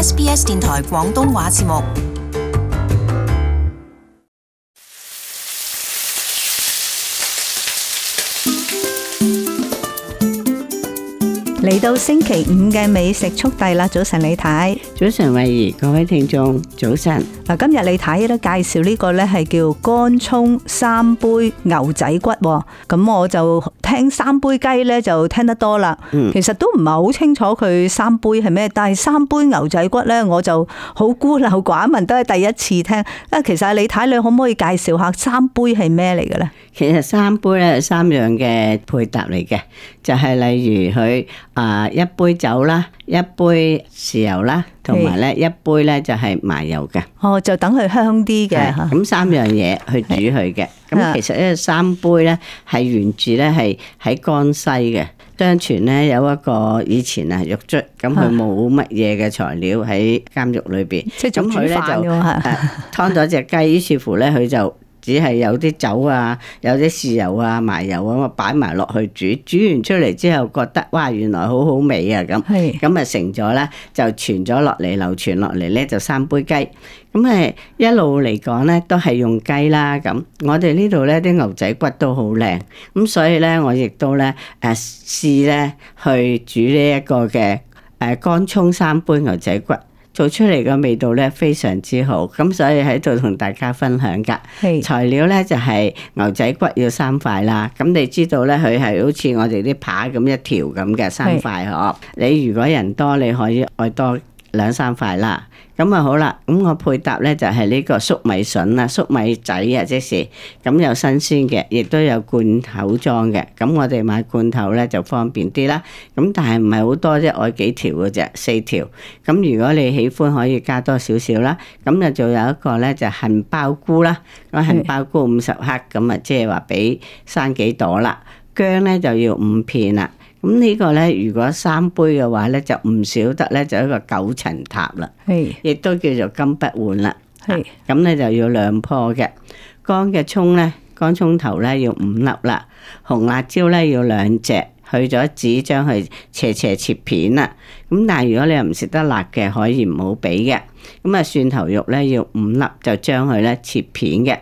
SBS 電台廣東話節目。嚟到星期五嘅美食速遞啦！早晨李太，早晨慧怡，各位聽眾，早晨。嗱，今日李太咧介紹呢個咧係叫乾葱三杯牛仔骨，咁我就聽三杯雞呢就聽得多啦。嗯，其實都唔係好清楚佢三杯係咩，但係三杯牛仔骨呢，我就好孤陋寡聞，都係第一次聽。啊，其實李太你可唔可以介紹下三杯係咩嚟嘅呢？其實三杯咧係三樣嘅配搭嚟嘅，就係、是、例如佢。啊，一杯酒啦，一杯豉油啦，同埋咧一杯咧就係麻油嘅。哦，就等佢香啲嘅。咁三樣嘢去煮佢嘅。咁的其實咧三杯咧係源自咧係喺江西嘅。相傳咧有一個以前啊獄卒，咁佢冇乜嘢嘅材料喺監獄裏邊，即係咁佢咧就劏咗隻雞，於 是乎咧佢就。只係有啲酒啊，有啲豉油啊、麻油啊，我擺埋落去煮，煮完出嚟之後覺得，哇，原來好好味啊！咁，咁咪是成咗咧，就傳咗落嚟，流傳落嚟咧就三杯雞。咁誒一路嚟講咧，都係用雞啦。咁我哋呢度咧啲牛仔骨都好靚，咁所以咧我亦都咧誒、啊、試咧去煮呢一個嘅誒、啊、乾葱三杯牛仔骨。做出嚟嘅味道咧非常之好，咁所以喺度同大家分享噶。是材料咧就係牛仔骨要三塊啦，咁你知道咧佢係好似我哋啲扒咁一條咁嘅三塊呵。是你如果人多，你可以愛多。兩三塊啦，咁啊好啦，咁我配搭咧就係、是、呢個粟米笋啊、粟米仔啊，即是，咁有新鮮嘅，亦都有罐頭裝嘅，咁我哋買罐頭咧就方便啲啦。咁但係唔係好多啫，我幾條嘅啫，四條。咁如果你喜歡，可以加多少少啦。咁啊，仲有一個咧就杏、是、鮑菇啦，咁杏鮑菇五十克，咁啊即係話俾生幾朵啦。是薑咧就要五片啦。咁呢個咧，如果三杯嘅話咧，就唔少得咧，就一個九層塔啦，亦係都叫做金不換啦。咁咧係、啊、就要兩樖嘅乾嘅葱咧，乾葱頭咧要五粒啦，紅辣椒咧要兩隻，去咗籽將佢斜斜切片啦。咁但係如果你又唔食得辣嘅，可以唔好俾嘅。咁啊蒜頭肉咧要五粒，就將佢咧切片嘅。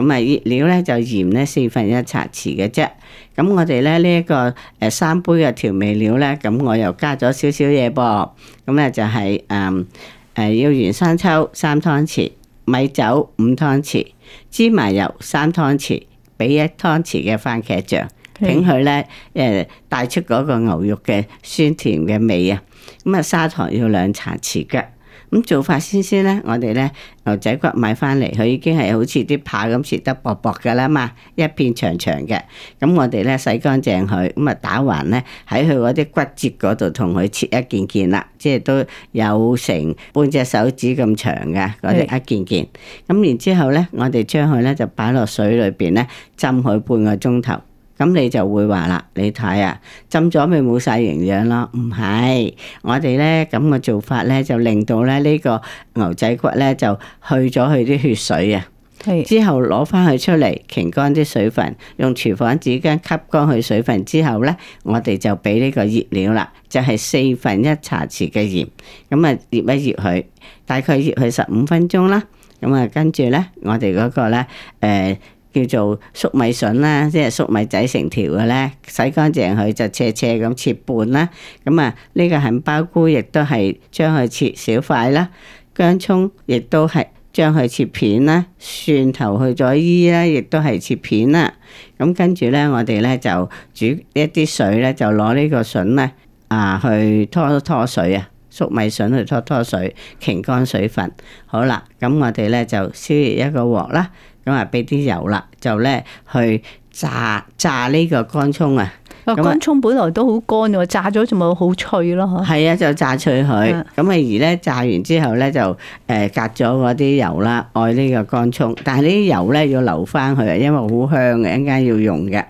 咁啊，熱料咧就鹽咧四分一茶匙嘅啫。咁我哋咧呢一個誒三杯嘅調味料咧，咁我又加咗少少嘢噃。咁啊就係誒誒要原生抽三湯匙，米酒五湯匙，芝麻油三湯匙，俾一湯匙嘅番茄醬，整佢咧誒帶出嗰個牛肉嘅酸甜嘅味啊。咁啊砂糖要兩茶匙嘅。咁做法先先咧，我哋咧牛仔骨買翻嚟，佢已經係好似啲扒咁切得薄薄噶啦嘛，一片長長嘅。咁我哋咧洗乾淨佢，咁啊打橫咧喺佢嗰啲骨折嗰度同佢切一件件啦，即係都有成半隻手指咁長嘅嗰啲一件件。咁是然之後咧，我哋將佢咧就擺落水裏邊咧浸佢半個鐘頭。咁你就會話啦，你睇啊，浸咗咪冇晒營養咯？唔係，我哋咧咁嘅做法咧，就令到咧呢個牛仔骨咧就去咗佢啲血水啊。係是之後攞翻佢出嚟，擎乾啲水分，用廚房紙巾吸乾佢水分之後咧，我哋就俾呢個醃料啦，就係、是、四分一茶匙嘅鹽。咁啊，醃一醃佢，大概醃佢十五分鐘啦。咁啊，跟住咧，我哋嗰個咧，誒、呃。叫做粟米笋啦，即係粟米仔成條嘅咧，洗乾淨佢就斜斜咁切半啦。咁啊，呢個杏鮑菇亦都係將佢切小塊啦，薑蔥亦都係將佢切片啦，蒜頭去咗衣啦，亦都係切片啦。咁跟住咧，我哋咧就煮一啲水咧，就攞呢個笋咧啊去拖拖水啊，粟米笋去拖拖水，擎乾水分。好啦，咁我哋咧就燒熱一個鑊啦。咁啊，俾啲油啦，就咧去炸炸呢個乾葱啊！乾葱本來都好乾嘅，炸咗就冇好脆咯。係啊，就炸脆佢。咁啊是的 而咧炸完之後咧就誒，隔咗嗰啲油啦，愛呢個乾葱。但係呢啲油咧要留翻佢，因為好香嘅，一陣間要用嘅。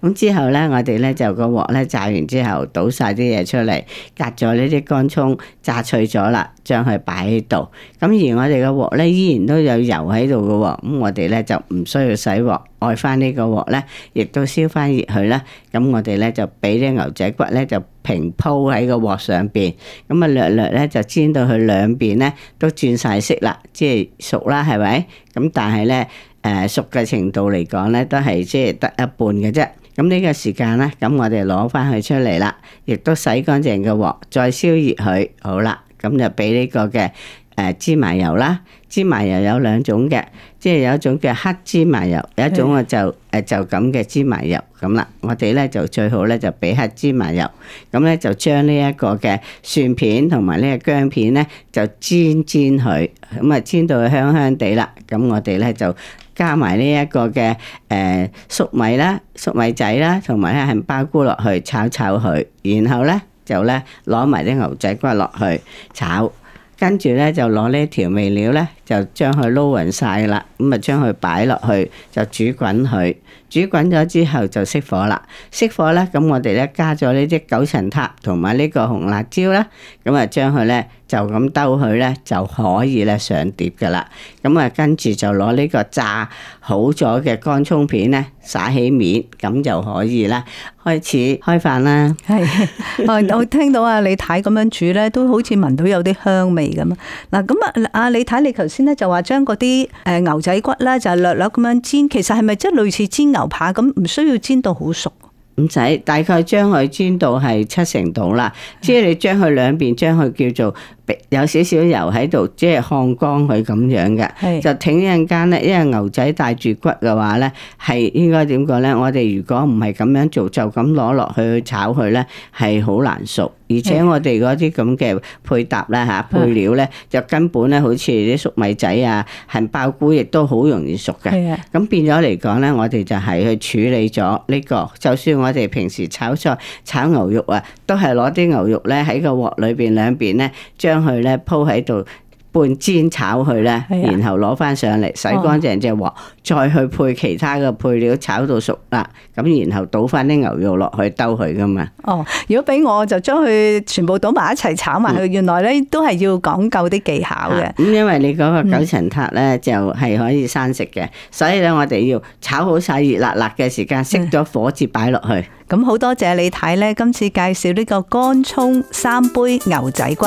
咁之後咧，我哋咧就個鑊咧炸完之後，倒晒啲嘢出嚟，隔咗呢啲乾葱，炸脆咗啦，將佢擺喺度。咁而我哋個鑊咧依然都有油喺度噶，咁我哋咧就唔需要洗鑊，愛翻呢個鑊咧，亦都燒翻熱佢啦。咁我哋咧就俾啲牛仔骨咧就平鋪喺個鑊上邊，咁啊略略咧就煎到佢兩邊咧都轉晒色啦，即係熟啦，係咪？咁但係咧。誒熟嘅程度嚟講咧，都係即係得一半嘅啫。咁呢個時間咧，咁我哋攞翻佢出嚟啦，亦都洗乾淨嘅鑊，再燒熱佢，好啦。咁就俾呢個嘅誒芝麻油啦。芝麻油有兩種嘅，即係有一種叫黑芝麻油，有一種我就誒就咁嘅芝麻油咁的啦。我哋咧就最好咧就俾黑芝麻油。咁咧就將呢一個嘅蒜片同埋呢個薑片咧，就煎煎佢。咁啊煎到香香地啦。咁我哋咧就。加埋呢一個嘅、呃、粟米啦、粟米仔啦，同埋呢係杏鮑菇落去炒炒佢，然後呢就呢攞埋啲牛仔骨落去炒，跟住呢就攞呢調味料呢。就將佢撈勻晒啦，咁啊將佢擺落去就煮滾佢，煮滾咗之後就熄火啦。熄火咧，咁我哋咧加咗呢啲九層塔同埋呢個紅辣椒啦，咁啊將佢咧就咁兜佢咧就可以咧上碟噶啦。咁啊跟住就攞呢個炸好咗嘅乾葱片咧撒起面，咁就可以啦，開始開飯啦。係，我聽到阿李太咁樣煮咧，都好似聞到有啲香味咁啊。嗱，咁啊阿李太，你頭先。咧就話將嗰啲誒牛仔骨啦，就略略咁樣煎，其實係咪即係類似煎牛扒咁？唔需要煎到好熟，唔使，大概將佢煎到係七成度啦，即係你將佢兩邊，將佢叫做。有少少油喺度，即係燙光佢咁樣嘅，是就停一陣間咧。因為牛仔帶住骨嘅話咧，係應該點講咧？我哋如果唔係咁樣做，就咁攞落去去炒佢咧，係好難熟。而且我哋嗰啲咁嘅配搭啦吓、啊、配料咧，就根本咧好似啲粟米仔啊、杏鮑菇，亦都好容易熟嘅。咁的變咗嚟講咧，我哋就係去處理咗呢、這個。就算我哋平時炒菜、炒牛肉啊，都係攞啲牛肉咧喺個鑊裏邊兩邊咧將。將佢咧鋪喺度，半煎炒佢咧，然後攞翻上嚟洗乾淨隻鑊，再去配其他嘅配料炒到熟啦。咁然後倒翻啲牛肉落去兜佢噶嘛。哦，如果俾我就將佢全部倒埋一齊炒埋佢，嗯、原來咧都係要講究啲技巧嘅。咁、啊、因為你嗰個九層塔咧就係可以生食嘅，嗯、所以咧我哋要炒好晒熱辣辣嘅時間熄咗火，至擺落去。咁好多謝你睇咧今次介紹呢個乾葱三杯牛仔骨。